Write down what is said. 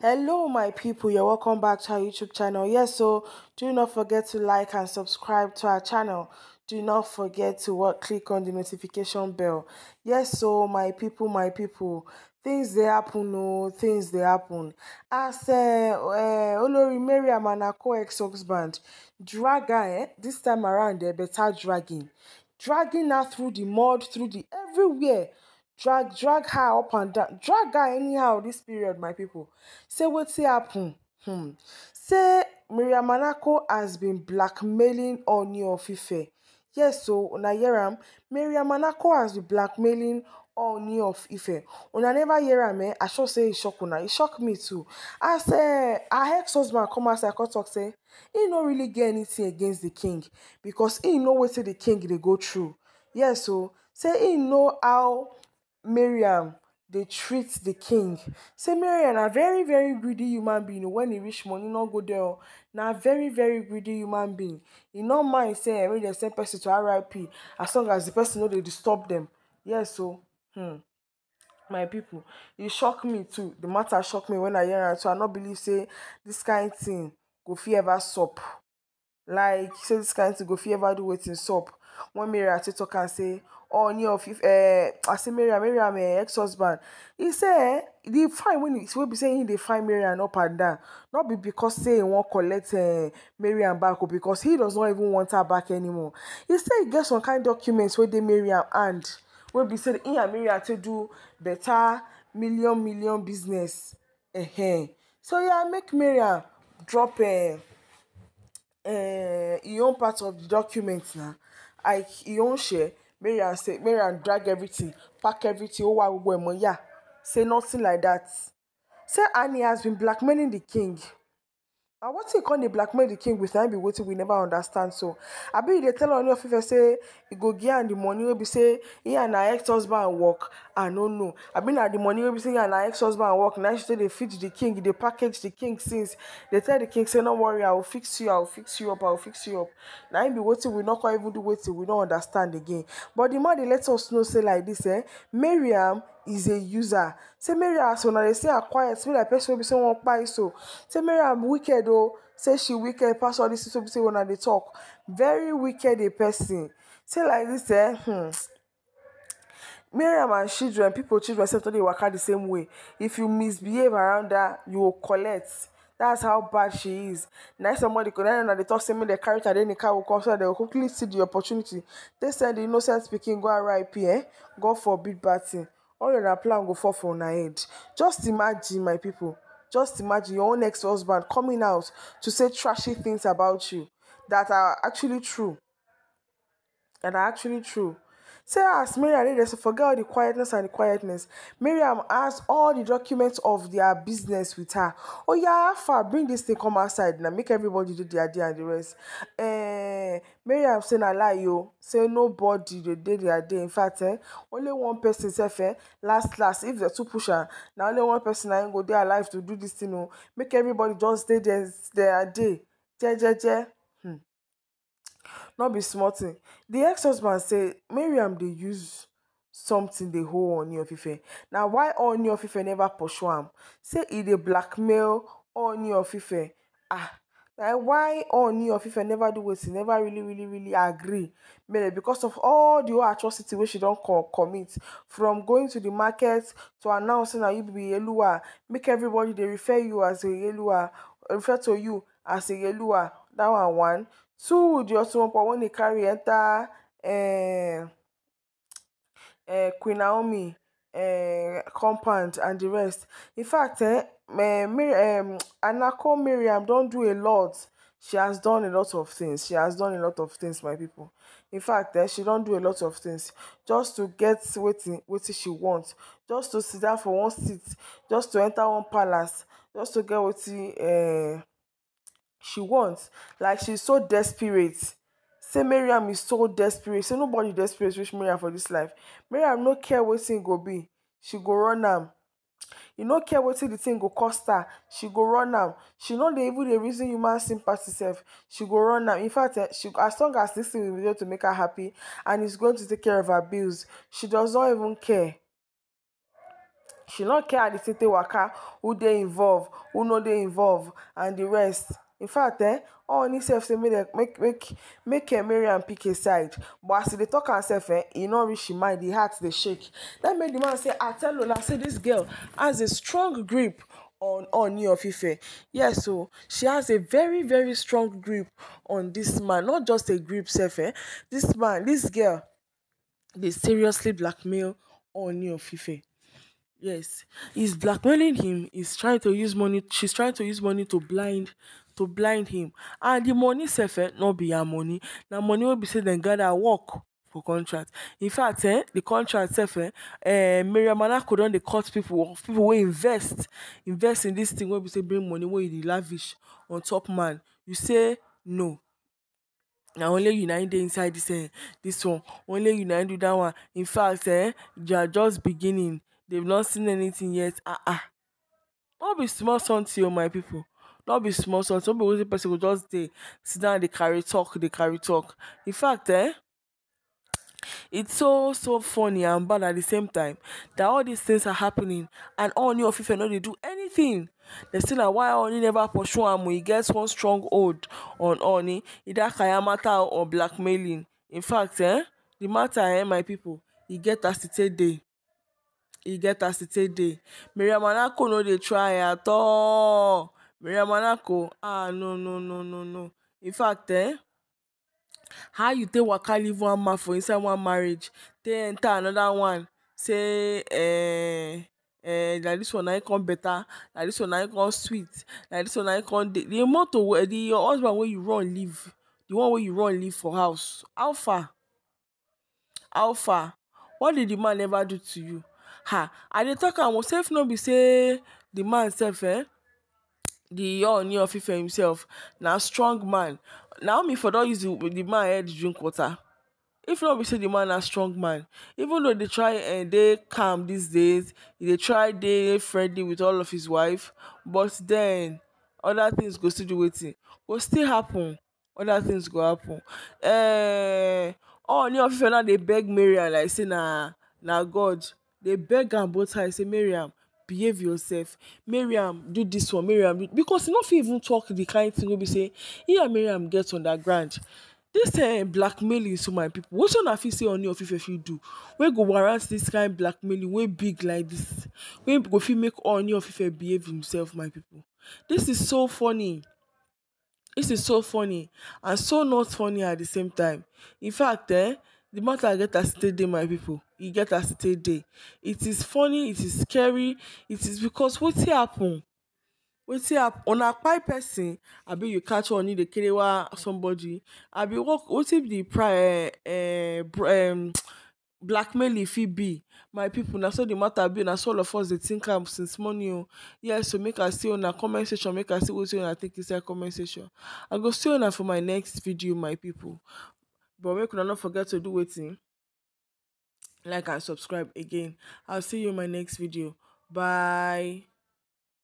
hello my people you're welcome back to our youtube channel yes so do not forget to like and subscribe to our channel do not forget to what click on the notification bell yes so my people my people things they happen o oh, things they happen as uh, uh, olori mariam and her ex husband drag her eh, this time around eh, better dragging dragging her through the mud through the everywhere drag drag her up and down drag her anyhow this period my people say what's happened. hmm. say miriam Manako has been blackmailing oni your ife yes so una miriam Manako has been blackmailing Ooni of Ife. Una never hear a man, eh? I should say it shock una. me too. I uh, eh, her ex-husband come I come talk say he no really get anything against the king because he know say the king they go through. Yes, yeah, so say he know how Miriam they treat the king. Say Miriam a very very greedy human being when he reach money e no go there Now very very greedy human being. He no mind say when eh, they send person to RIP as long as the person know, they disturb them. Yes so hmm, My people, it e shock me too. The matter shock me when I hear am So I not believe say dis kain thing go fit ever sup. Like sey dis kain thing go fit ever do wetin sup. When Miriam take talk and say On Oni of uh, eh, say, Miriam, Miriam my eh, ex-husband. He said, the fine when he will be saying they find Miriam up and down. Not be because say he won't collect uh, Miriam back or because he does not even want her back anymore. He said he get some kind of documents where they Miriam and will be say he and Miriam to do better million million business. Uh-huh. So yeah, make Miriam drop uh, uh, your own part of the document now. Like your own share. Mary and say Mary and drag everything, pack everything, Oh why we ẹ̀ mọ́ yà. Say nothing like that. Say Annie has been blackmailing the king. And na wetin come dey blackmail the king with? na be waiting we never understand so I be they tell only of ife say e go give and the money wey be say he and her ex-husband work i no no. I abi na the money wey be say he and her ex-husband work Now she say they feed the king They package the king since they tell the king say no worry i will fix you i will fix you up i will fix you up Now im be waiting we not come even do waiting we don't understand again but the man they let us know say like this eh Mariam is a user. Say Mary as una they say her quiet, Say like person wey be someone wan so. Say Mary I'm wicked oh, say she wicked pass all this. So be say when they talk. Very wicked a person. Say like this, eh, hmm. Miriam and children, people, children sef don work out the same way. If you misbehave around her, you will collect. That's how bad she is. Na somebody could then and they talk say character. Then the Tadenika will come so they will quickly see the opportunity. They send the innocent speaking, go and RIP eh? God forbid bad thing all una plan go fall for una head just imagine my people just imagine your own ex-husband coming out to say trashy things about you that are actually true that are actually true say as miriam dey there so forget all the quietness and the quietness miriam has all the documents of their business with her oya oh, yeah, afa bring this thing come outside na make everybody do their day and the rest. Uh, eh, Mariam say na lie o say nobody dey dey dia day in fact eh, only one person sef eh, last last if dem too push am na only one person na im go dey alive to do this thing o oh. make everybody just dey there dia day jejeje Hmm. no be small thing di ex-husband say mariam dey use something dey hold Ooni of Ife na why on your Ife never pursue am say e dey blackmail on your Ife ah Like why on Ooni of Ife never do she never really really really agree Maybe because of all the whole atrocity wey she don't co commit from going to the market to announcing that you be Yeluwa make everybody they refer you as Yeluwa refer to you as Yeluwa that one one. Two the Otun one, when they carry enter um um Queen Naomi um compound and the rest. In fact eh um, Anako Miriam don't do a lot. She has done a lot of things. She has done a lot of things, my people. In fact, eh, she don't do a lot of things just to get what wetin she wants, just to sit down for one seat, just to enter one palace, just to get what eh, she uh, she wants. Like she's so desperate. Say Miriam is so desperate. Say nobody desperate wish Miriam for this life. Miriam no care what thing go be. She go run am. You no care wetin di thing go cost her she go run am she no dey even dey reason human sympathy sef she go run am in fact eh, she as long as this thing will be able to make her happy and it's going to take care of her bills she does not even care she no care how di thing take waka who dey involve who no dey involve and the rest in fact eh all oni sef say make dem make make make eh, and pk side but as he dey talk am eh he no reach im mind di heart dey shake dat make the man say i tell lola say this girl has a strong grip on on of Ife. Yes, so she has a very, very strong grip on this man. Not just a grip, self, eh? This man, this girl, they seriously blackmail on of Ife. Yes, he's blackmailing him. He's trying to use money. She's trying to use money to blind to blind him and the money sef eh, no be her money na money wey be say dem gather work for contract in fact eh the contract sef eh, eh miriam anako don dey cut pipo pipo wey invest invest in this thing wey be say bring money wey you e dey lavish on top man you say no na only you na im dey inside this, eh this one only you na im do dat one in fact eh they are just beginning dem no seen anything yet ah ah no be small something o oh, my people Not be small something some be the person go just dey sit down they carry talk they carry talk in fact eh it's so so funny and bad at the same time that all these things are happening and Ooni of Ife know they do anything they still na why only never pursue am he gets one strong hold on Ooni either kayamata or blackmailing in fact eh the matter eh my people he get as e take dey e get as e take dey Mariam Anako no dey try at all miramanako ah no no no no no in fact eh how you take waka leave one man for inside one marriage take enter another one say eh eh na this one na im come better like this one na im come sweet like this one na im come dey the motor the your husband wey you run leave the one wey you run leave for house how far how far what did the man ever do to you ha i dey talk am o sef no be say the man sef eh di young of ife himself Now strong man Now naomi for don't use the man head drink water if not we say the man a strong man even though they try and eh, they calm these days they try they friendly with all of his wife but then other things go still do wetin go still happen Other things go happen ehh ooni oh, of ife now They beg Miriam like say na god They beg and both times say Miriam behave yourself maryam do this one maryam do because he no fit even talk the kind thing wey be saying. Yeah, he gets on that ground. This uh, blackmailing so my people. pipo wetin una fit say oni of ife fit do wey go warrant this kind blackmailing wey big like this? wey go fit make on oni of ife behave himself my people? This is so funny this is so funny and so not funny at the same time in fact eh the matter get as e dey my people e get as e dey it is funny it is scary it is because wetin happen wetin happen una kpai person abi you catch one you e dey kerewa somebody abi work wetin be the pri uh, um, blackmail e fit be my people na so the matter be na so all of us dey think am since morning o oh. yes so make i see una comment section make i see wetin una think inside comment section i go see una for my next video my people but make una not forget to do wetin like and subscribe again i'll see you in my next video bye